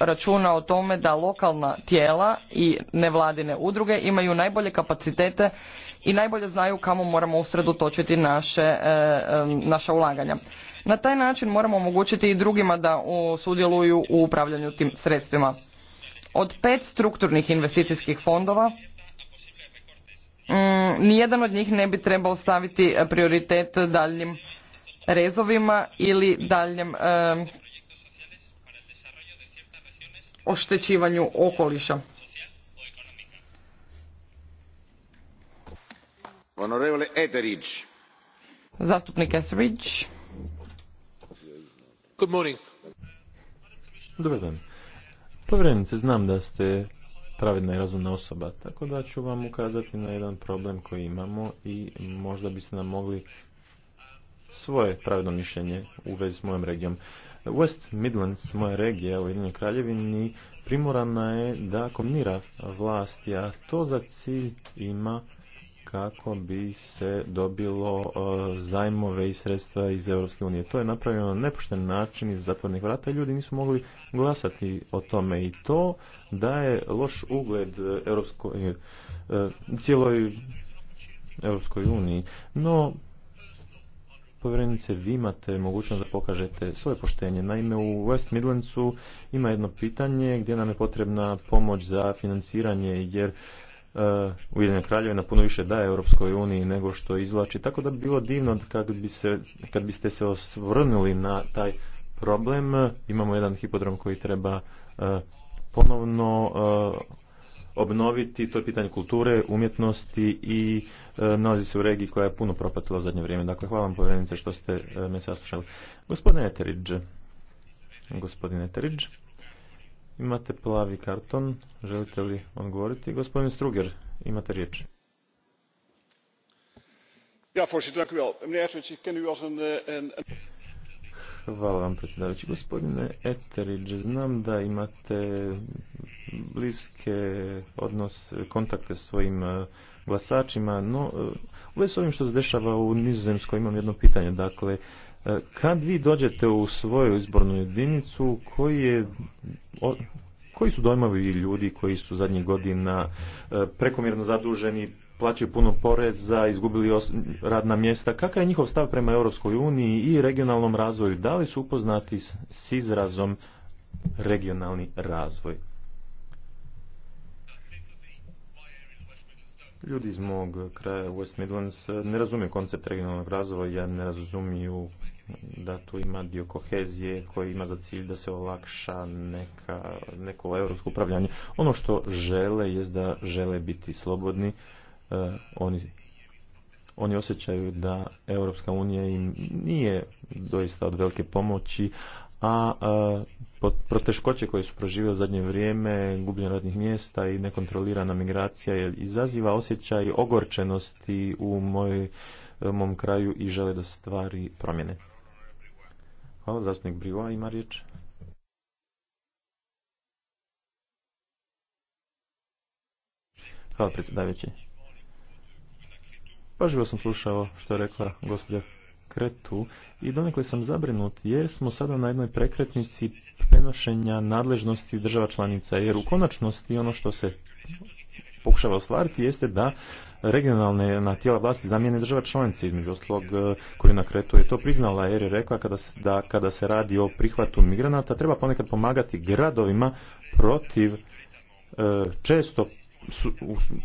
računa o tome da lokalna tijela i nevladine udruge imaju najbolje kapacitete i najbolje znaju kamo moramo usredotočiti naše, e, naša ulaganja. Na taj način moramo omogućiti i drugima da sudjeluju u upravljanju tim sredstvima. Od pet strukturnih investicijskih fondova mm, nijedan od njih ne bi trebao staviti prioritet daljnjim rezovima ili daljnjem oštećivanju okoliša. Zastupnik Etheridge. Dobar dan. Povjerenice, znam da ste pravedna i razumna osoba, tako da ću vam ukazati na jedan problem koji imamo i možda biste nam mogli svoje pravedno mišljenje u vezi s mojom regijom. West Midlands, moja regija u Jedinoj kraljevini, primorana je da kombinira vlast, a to za cilj ima kako bi se dobilo e, zajmove i sredstva iz Europske unije. To je napravljeno na nepošten način iz zatvornih vrata i ljudi nisu mogli glasati o tome i to daje loš ugled Europskoj, e, cijeloj Europskoj uniji. No, povjerenice, vi imate mogućnost da pokažete svoje poštenje. Naime, u West Midlandsu ima jedno pitanje gdje nam je potrebna pomoć za financiranje, jer uh, Ujedinjena kraljevina puno više daje Europskoj uniji nego što izvlači. Tako da bi bilo divno kad, bi se, kad biste se osvrnuli na taj problem. Imamo jedan hipodrom koji treba eh, ponovno eh, obnoviti, to je pitanje kulture, umjetnosti i e, nalazi se u regiji koja je puno propatila u zadnje vrijeme. Dakle, hvala vam povjerenice što ste e, me saslušali. Gospodine Eteridž, gospodine Eteridž, imate plavi karton, želite li odgovoriti? Gospodin Struger, imate riječ. Ja, voorzitter, dank u wel. Meneer ik ken u als een, eh, een... Hvala vam, predsjedavajući. Gospodine Eterić, znam da imate bliske odnos, kontakte s svojim e, glasačima, no e, u s ovim što se dešava u Nizozemskoj imam jedno pitanje. Dakle, e, kad vi dođete u svoju izbornu jedinicu, koji je koji su dojmovi ljudi koji su zadnjih godina prekomjerno zaduženi, plaćaju puno poreza, izgubili radna mjesta. Kakav je njihov stav prema Europskoj uniji i regionalnom razvoju? Da li su upoznati s izrazom regionalni razvoj? Ljudi iz mog kraja West Midlands ne razumiju koncept regionalnog razvoja, ne razumiju da tu ima dio kohezije koji ima za cilj da se olakša neka, neko europsko upravljanje. Ono što žele je da žele biti slobodni, E, oni oni osjećaju da Europska unija im nije doista od velike pomoći, a, e, proteškoće koje su proživjeli zadnje vrijeme, gubljenje radnih mjesta i nekontrolirana migracija izaziva osjećaj ogorčenosti u moj, e, mom kraju i žele da stvari promjene. Hvala, zastupnik Brivoa ima riječ. Hvala predsjedavajući. Pažljivo sam slušao što je rekla gospođa Kretu i donekle sam zabrinut jer smo sada na jednoj prekretnici prenošenja nadležnosti država članica jer u konačnosti ono što se pokušava ostvariti jeste da regionalne na tijela vlasti zamijene država članice između ostalog koji e, na Kretu je to priznala jer je rekla kada se, da kada se radi o prihvatu migranata treba ponekad pomagati gradovima protiv e, često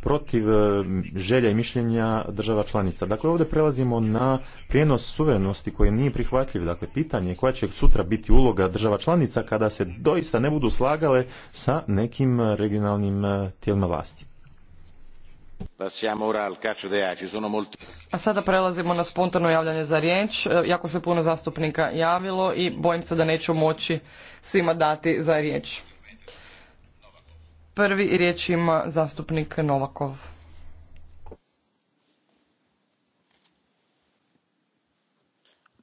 protiv e, želja i mišljenja država članica. Dakle, ovdje prelazimo na prijenos suverenosti koji nije prihvatljiv. Dakle, pitanje koja će sutra biti uloga država članica kada se doista ne budu slagale sa nekim regionalnim e, tijelima vlasti. A sada prelazimo na spontano javljanje za riječ. E, jako se puno zastupnika javilo i bojim se da neću moći svima dati za riječ. Prvi riječ ima zastupnik Novakov.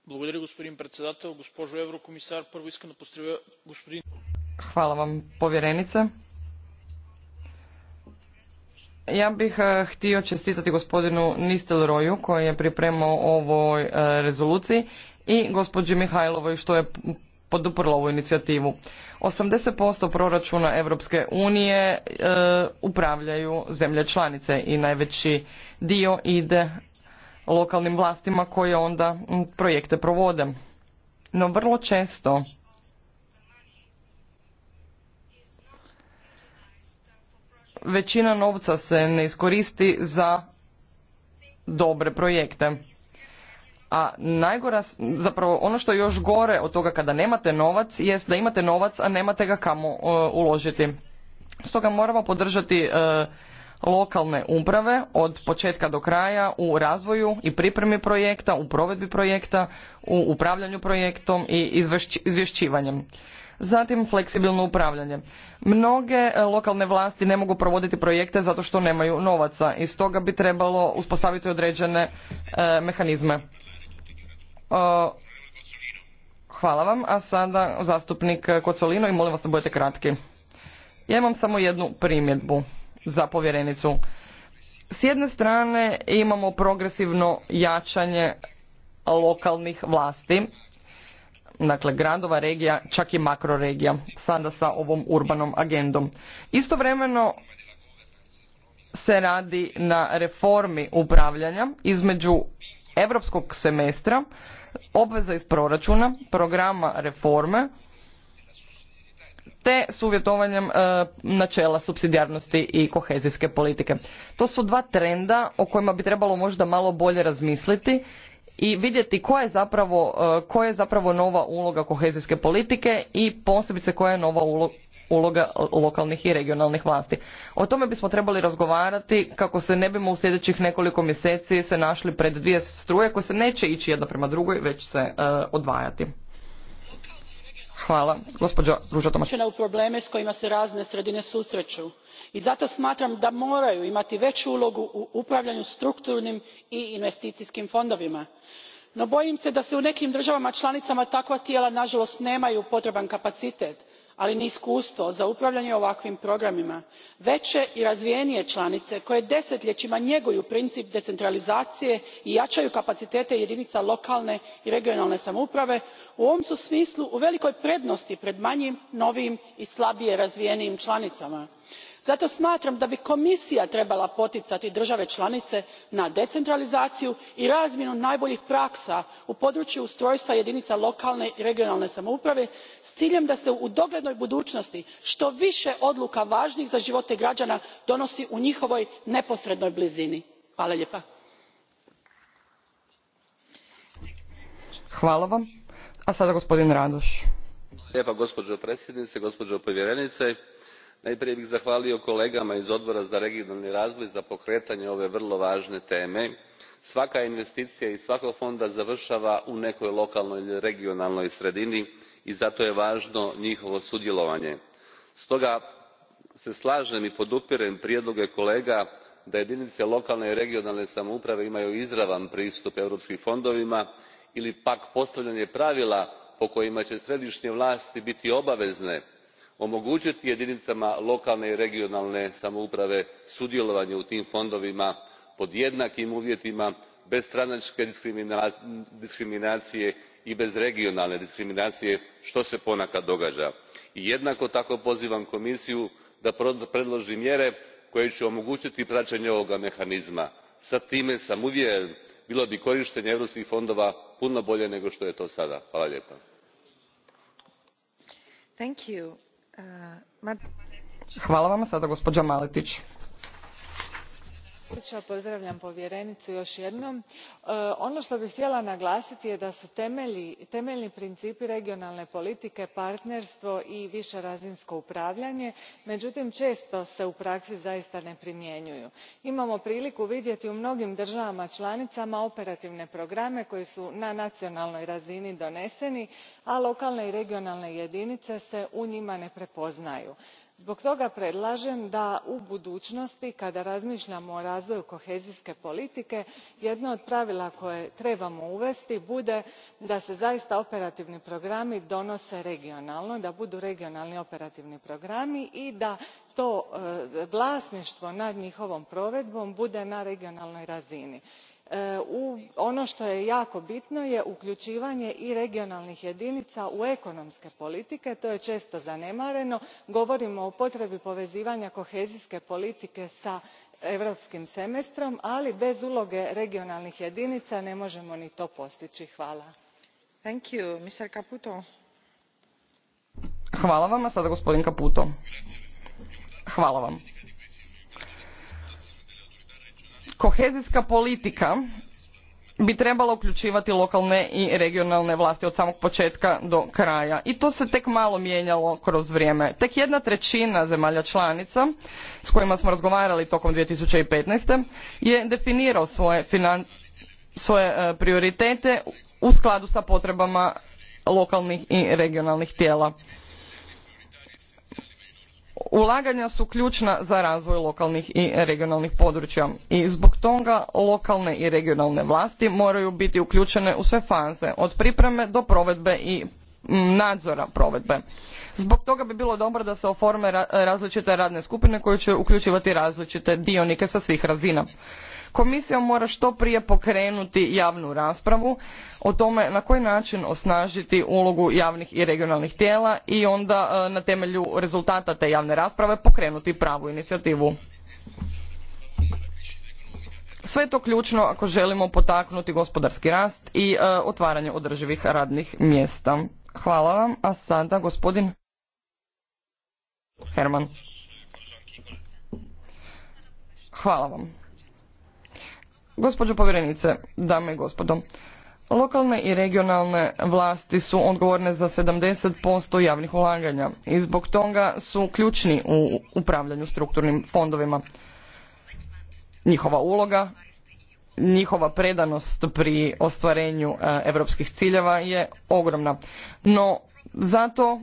Благодаря, господин председател. Госпожо Еврокомисар, първо искам да Hvala vam, povjerenice. Ja bih htio čestitati gospodinu Nistelroju koji je pripremao ovoj rezoluciji i gospođi Mihajlovoj što je poduprlo ovu inicijativu. 80% proračuna Europske unije e, upravljaju zemlje članice i najveći dio ide lokalnim vlastima koje onda projekte provode. No vrlo često većina novca se ne iskoristi za dobre projekte a najgora, zapravo ono što je još gore od toga kada nemate novac jest da imate novac, a nemate ga kamo e, uložiti. Stoga moramo podržati e, lokalne uprave od početka do kraja u razvoju i pripremi projekta, u provedbi projekta, u upravljanju projektom i izvješćivanjem. Zatim fleksibilno upravljanje. Mnoge e, lokalne vlasti ne mogu provoditi projekte zato što nemaju novaca i stoga bi trebalo uspostaviti određene mehanizme. Hvala vam, a sada zastupnik Kocolino i molim vas da budete kratki. Ja imam samo jednu primjedbu za povjerenicu. S jedne strane imamo progresivno jačanje lokalnih vlasti, dakle gradova, regija, čak i makroregija, sada sa ovom urbanom agendom. Istovremeno se radi na reformi upravljanja između europskog semestra, obveza iz proračuna, programa reforme, te s uvjetovanjem e, načela supsidijarnosti i kohezijske politike. To su dva trenda o kojima bi trebalo možda malo bolje razmisliti i vidjeti koja je zapravo, e, koja je zapravo nova uloga kohezijske politike i posebice koja je nova uloga, uloga lokalnih i regionalnih vlasti. O tome bismo trebali razgovarati kako se ne bimo u sljedećih nekoliko mjeseci se našli pred dvije struje koje se neće ići jedna prema drugoj, već se e, odvajati. Hvala. Gospođa Ruža Tomaš. u probleme s kojima se razne sredine susreću i zato smatram da moraju imati veću ulogu u upravljanju strukturnim i investicijskim fondovima no bojim se da se u nekim državama članicama takva tijela nažalost nemaju potreban kapacitet ali ni iskustvo za upravljanje ovakvim programima. veće i razvijenije članice koje desetljećima njeguju princip decentralizacije i jačaju kapacitete jedinica lokalne i regionalne samouprave u ovom su smislu u velikoj prednosti pred manjim novijim i slabije razvijenijim članicama zato smatram da bi komisija trebala poticati države članice na decentralizaciju i razmjenu najboljih praksa u području ustrojstva jedinica lokalne i regionalne samouprave s ciljem da se u doglednoj budućnosti što više odluka važnih za živote građana donosi u njihovoj neposrednoj blizini. hvala lijepa. predsjednice, gospođo povjerenice najprije bih zahvalio kolegama iz odbora za regionalni razvoj za pokretanje ove vrlo važne teme. svaka investicija iz svakog fonda završava u nekoj lokalnoj ili regionalnoj sredini i zato je važno njihovo sudjelovanje. stoga se slažem i podupirem prijedloge kolega da jedinice lokalne i regionalne samouprave imaju izravan pristup europskim fondovima ili pak postavljanje pravila po kojima će središnje vlasti biti obavezne omogućiti jedinicama lokalne i regionalne samouprave sudjelovanje u tim fondovima pod jednakim uvjetima bez stranačke diskriminacije i bez regionalne diskriminacije što se ponekad događa. jednako tako pozivam komisiju da predloži mjere koje će omogućiti praćenje ovoga mehanizma. s time sam uvjeren bilo bi korištenje europskih fondova puno bolje nego što je to sada. hvala lijepa. Hvala vam sada gospođa Maletić pozdravljam povjerenicu još jednom. E, ono što bih htjela naglasiti je da su temeljni principi regionalne politike partnerstvo i višerazinsko upravljanje međutim često se u praksi zaista ne primjenjuju. imamo priliku vidjeti u mnogim državama članicama operativne programe koji su na nacionalnoj razini doneseni a lokalne i regionalne jedinice se u njima ne prepoznaju zbog toga predlažem da u budućnosti kada razmišljamo o razvoju kohezijske politike jedno od pravila koje trebamo uvesti bude da se zaista operativni programi donose regionalno da budu regionalni operativni programi i da to e, vlasništvo nad njihovom provedbom bude na regionalnoj razini. E, ono što je jako bitno je uključivanje i regionalnih jedinica u ekonomske politike to je često zanemareno govorimo o potrebi povezivanja kohezijske politike s europskim semestrom ali bez uloge regionalnih jedinica ne možemo ni to postići. hvala kohezijska politika bi trebala uključivati lokalne i regionalne vlasti od samog početka do kraja i to se tek malo mijenjalo kroz vrijeme. Tek jedna treina zemalja članica s kojima smo razgovarali tokom 2015. je definirao svoje, svoje e, prioritete u skladu sa potrebama lokalnih i regionalnih tijela ulaganja su ključna za razvoj lokalnih i regionalnih područja i zbog toga lokalne i regionalne vlasti moraju biti uključene u sve faze od pripreme do provedbe i nadzora provedbe zbog toga bi bilo dobro da se oforme različite radne skupine koje će uključivati različite dionike sa svih razina Komisija mora što prije pokrenuti javnu raspravu o tome na koji način osnažiti ulogu javnih i regionalnih tijela i onda e, na temelju rezultata te javne rasprave pokrenuti pravu inicijativu. Sve je to ključno ako želimo potaknuti gospodarski rast i e, otvaranje održivih radnih mjesta. Hvala vam, a sada gospodin Herman. Hvala vam. Gospođo povjerenice, dame i gospodo, lokalne i regionalne vlasti su odgovorne za 70% javnih ulaganja i zbog toga su ključni u upravljanju strukturnim fondovima. Njihova uloga, njihova predanost pri ostvarenju europskih ciljeva je ogromna. No, zato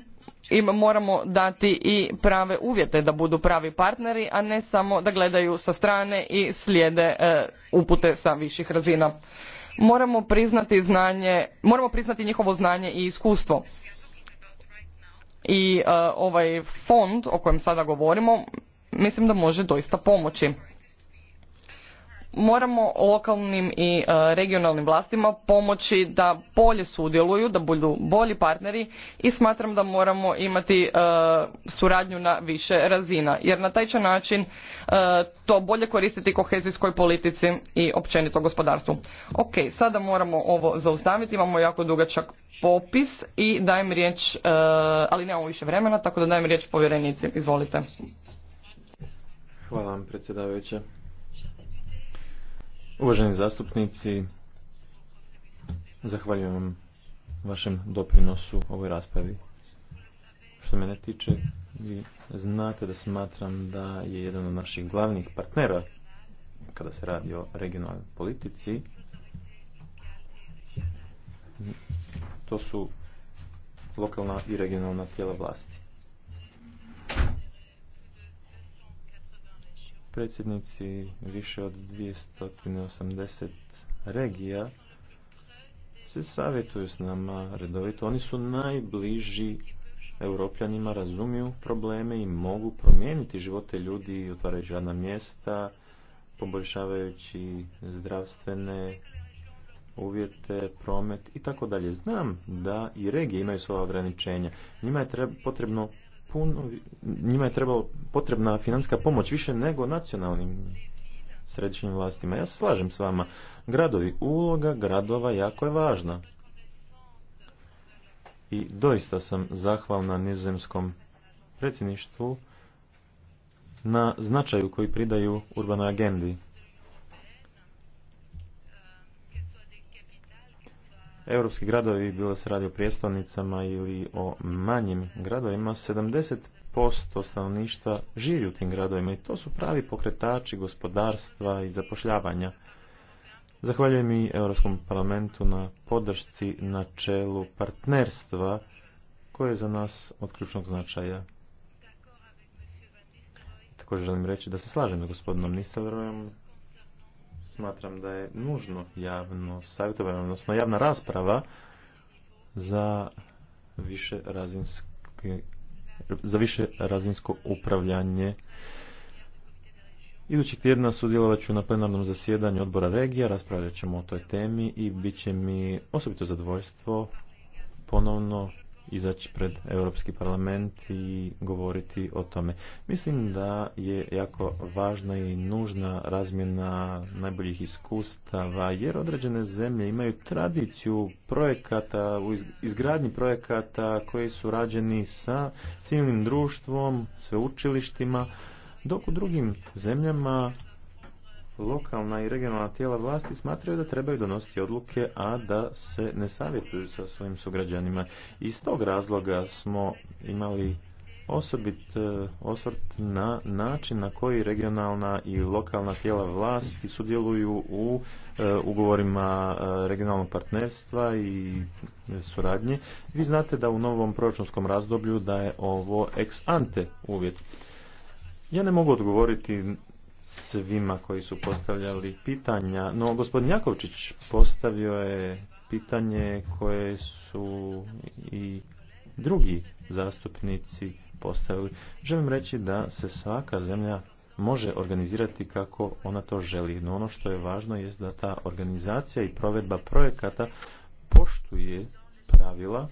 im moramo dati i prave uvjete da budu pravi partneri a ne samo da gledaju sa strane i slijede e, upute sa viših razina moramo priznati njihovo znanje i iskustvo i e, ovaj fond o kojem sada govorimo mislim da može doista pomoći moramo lokalnim i e, regionalnim vlastima pomoći da bolje sudjeluju da budu bolji partneri i smatram da moramo imati e, suradnju na više razina jer na taj će način e, to bolje koristiti kohezijskoj politici i općenito gospodarstvu. Ok, sada moramo ovo zaustaviti, imamo jako dugačak popis i dajem riječ, ali nemamo više vremena, tako da dajem riječ povjerenici. Izvolite. Hvala vam Uvaženi zastupnici, zahvaljujem vam vašem doprinosu ovoj raspravi. Što mene tiče, vi znate da smatram da je jedan od naših glavnih partnera kada se radi o regionalnoj politici. To su lokalna i regionalna tijela vlasti. predsjednici više od 280 regija se savjetuju s nama redovito. Oni su najbliži europljanima, razumiju probleme i mogu promijeniti živote ljudi otvarajući radna mjesta, poboljšavajući zdravstvene uvjete, promet i tako dalje. Znam da i regije imaju svoja ograničenja. Njima je potrebno puno, njima je trebalo potrebna financijska pomoć više nego nacionalnim središnjim vlastima. Ja se slažem s vama. Gradovi, uloga gradova jako je važna. I doista sam zahvalna nizozemskom predsjedništvu na značaju koji pridaju urbanoj agendi. europski gradovi, bilo se radi o prijestolnicama ili o manjim gradovima, 70% stanovništva živi u tim gradovima i to su pravi pokretači gospodarstva i zapošljavanja. Zahvaljujem i Europskom parlamentu na podršci na čelu partnerstva koje je za nas od ključnog značaja. Također želim reći da se slažem s gospodinom Nistelrojom Smatram da je nužno javno savjetovanje, odnosno javna rasprava za više za više razinsko upravljanje. Idućeg tjedna sudjelovat ću na plenarnom zasjedanju odbora regija, raspravljat ćemo o toj temi i bit će mi osobito zadovoljstvo ponovno izaći pred Europski parlament i govoriti o tome. Mislim da je jako važna i nužna razmjena najboljih iskustava, jer određene zemlje imaju tradiciju projekata, u izgradnji projekata koji su rađeni sa civilnim društvom, sveučilištima, dok u drugim zemljama lokalna i regionalna tijela vlasti smatraju da trebaju donositi odluke, a da se ne savjetuju sa svojim sugrađanima. Iz tog razloga smo imali osobit e, osvrt na način na koji regionalna i lokalna tijela vlasti sudjeluju u e, ugovorima e, regionalnog partnerstva i suradnje. Vi znate da u novom proračunskom razdoblju da je ovo ex ante uvjet. Ja ne mogu odgovoriti svima koji su postavljali pitanja. No, gospodin Jakovčić postavio je pitanje koje su i drugi zastupnici postavili. Želim reći da se svaka zemlja može organizirati kako ona to želi. No ono što je važno je da ta organizacija i provedba projekata poštuje pravila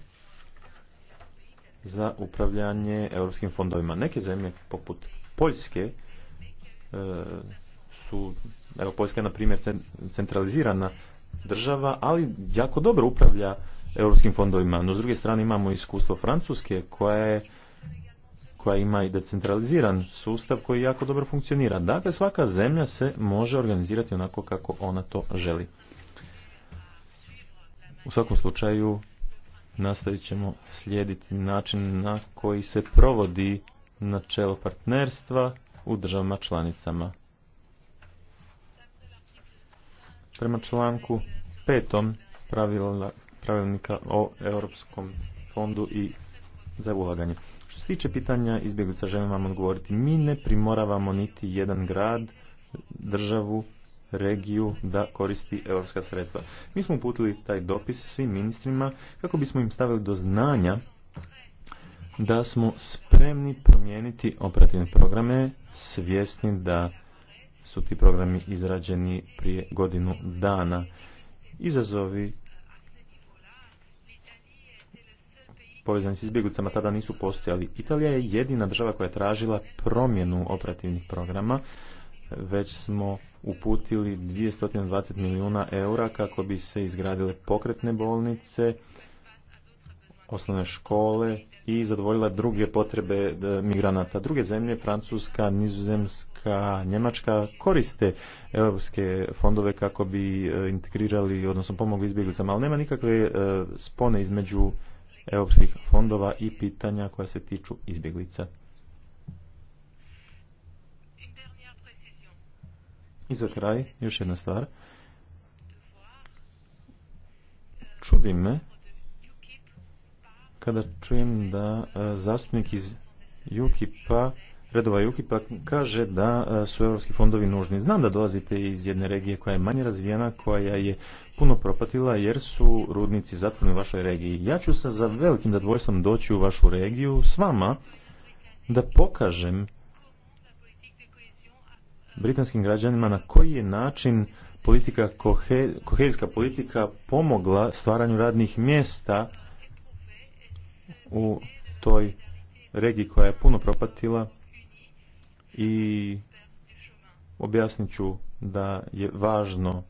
za upravljanje europskim fondovima. Neke zemlje poput Poljske E, su, evo Poljska je na primjer centralizirana država, ali jako dobro upravlja europskim fondovima. No s druge strane imamo iskustvo Francuske koja je koja ima i decentraliziran sustav koji jako dobro funkcionira. Dakle, svaka zemlja se može organizirati onako kako ona to želi. U svakom slučaju nastavit ćemo slijediti način na koji se provodi načelo partnerstva u državama članicama. Prema članku petom pravilnika o Europskom fondu i za ulaganje. Što se tiče pitanja izbjeglica, želim vam odgovoriti. Mi ne primoravamo niti jedan grad, državu, regiju da koristi europska sredstva. Mi smo uputili taj dopis svim ministrima kako bismo im stavili do znanja da smo spremni promijeniti operativne programe svjesni da su ti programi izrađeni prije godinu dana. Izazovi povezani s izbjeglicama tada nisu postojali. Italija je jedina država koja je tražila promjenu operativnih programa. Već smo uputili 220 milijuna eura kako bi se izgradile pokretne bolnice, osnovne škole, i zadovoljila druge potrebe e, migranata. Druge zemlje, Francuska, Nizozemska, Njemačka, koriste europske fondove kako bi e, integrirali, odnosno pomogli izbjeglicama, ali nema nikakve e, spone između europskih fondova i pitanja koja se tiču izbjeglica. I za kraj, još jedna stvar. Čudi me kada čujem da e, zastupnik iz Jukipa, redova Jukipa, kaže da e, su europski fondovi nužni. Znam da dolazite iz jedne regije koja je manje razvijena, koja je puno propatila jer su rudnici zatvoreni u vašoj regiji. Ja ću sa za velikim zadvojstvom doći u vašu regiju s vama da pokažem britanskim građanima na koji je način politika, kohezijska politika pomogla stvaranju radnih mjesta u toj regiji koja je puno propatila i objasnit ću da je važno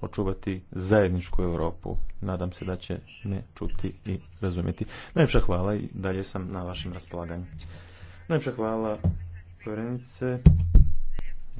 očuvati zajedničku Europu. Nadam se da će me čuti i razumjeti. Najljepša hvala i dalje sam na vašem raspolaganju. Najljepša hvala povjerenice.